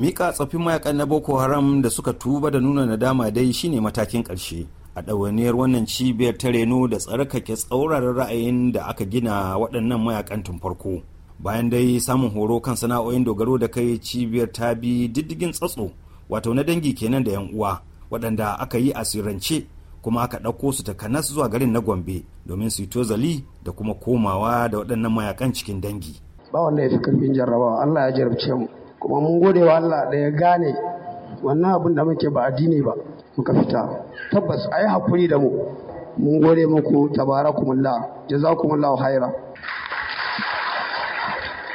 mika tsoffin mayakan na boko haram da suka tuba da nuna nadama dai shine matakin karshe a ɗawainiyar wannan cibiyar ta reno da tsarkake tsauraran ra'ayin da aka gina waɗannan mayakan tun farko bayan dai samun horo kan sana'o'in dogaro da kai cibiyar ta bi diddigin tsatso wato na dangi kenan da yan uwa waɗanda aka yi asirance kuma aka ɗauko su takanas zuwa garin na gombe domin su yi tozali da kuma komawa da waɗannan mayakan cikin dangi ba wanda ya fi bin jarrabawa allah ya jarabce mu kuma mun gode wa Allah da ya gane wannan abin da muke ba addini ba muka fita tabbas ai hakuri da mu mun gode muku tabarakumullah jazakumullahu khaira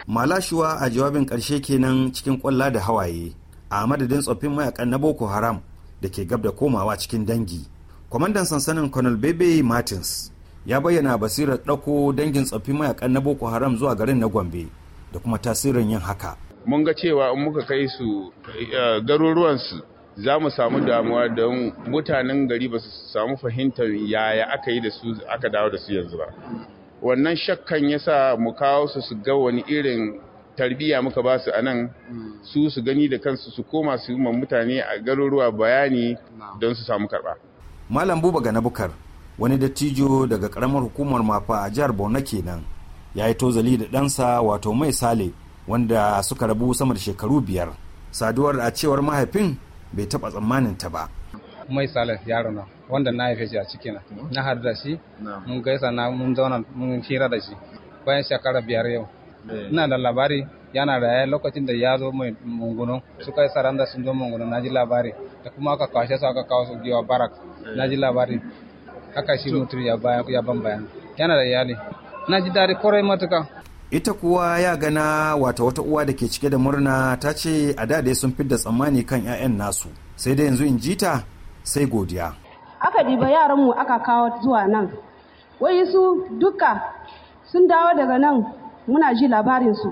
malashuwa a jawabin ƙarshe kenan cikin kwalla da hawaye a madadin tsoffin mayakan na boko haram da ke gab da komawa cikin dangi kwamandan sansanin colonel bebe martins ya bayyana basirar ɗauko dangin tsoffin mayakan na boko haram zuwa garin na gombe da kuma tasirin yin haka mun ga cewa in muka kai su eh, garuruwansu za mu samu damuwa don mutanen gari ba su samu fahimtar yaya aka yi da su aka dawo da su yanzu ba wannan shakkan ya sa mu kawo su su ga wani irin tarbiyya muka ba su a su su gani da kansu su koma su yi mutane a garuruwa bayani don su samu karɓa. malam buba ga bukar wani dattijo daga karamar hukumar mafa a jihar borno kenan ya yi tozali da ɗansa wato mai sale wanda suka rabu sama da shekaru biyar saduwar a cewar mahaifin bai taba tsammanin ta ba mai sale yaro na wanda na haife shi a ciki na na haɗu da shi mun gaisa na mun zauna mun hira da shi bayan shekara biyar yau eh. ina da labari yana raye lokacin da ya zo mai munguno suka yi saranda sun zo mungunu na ji labari da kuma aka kwashe su aka kawo su giwa barak eh. na ji labari haka shi mutum ya ban bayan yana da iyali na ji daɗi kwarai matuka ita kuwa ya gana wata wata uwa da ke cike da murna ta ce a da dai sun da tsammani kan 'ya'yan nasu sai da yanzu in ji ta sai godiya aka diba yaran mu aka kawo zuwa nan wai su duka sun dawo daga nan muna ji labarin su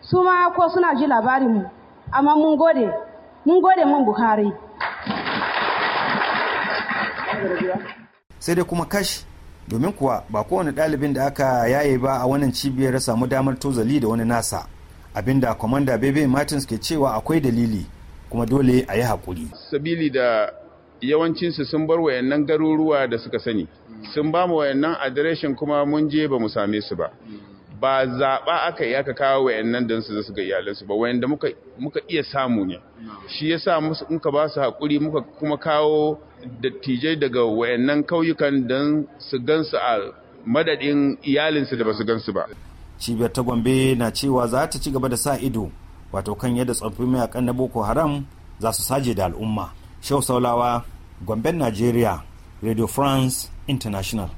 su ma ko suna ji labarin mu amma mun gode mun gode mun buhari sai dai kuma kashi. domin kuwa ba kowane ɗalibin da aka yaye ba a wannan cibiyar ya samu damar tozali da wani nasa abinda kwamanda bebe martins ke cewa akwai dalili kuma dole a yi hakuri. sabili da yawancinsu sun bar wayannan garuruwa da suka sani sun ba mu wayannan adireshin kuma mun je ba mu same su ba ba zaɓa aka yi aka kawo wayannan don su su ga iyalansu ba wayanda muka, iya samu ne shi yasa muka ba su haƙuri muka kuma kawo dattijai daga wayannan kauyukan don su gansu a madadin iyalinsu da ba su gansu ba cibiyar ta gombe na cewa za ta ci gaba da sa ido wato kan yadda tsoffin mayakan na boko haram za su saje da al'umma shau saulawa gomben najeriya radio france international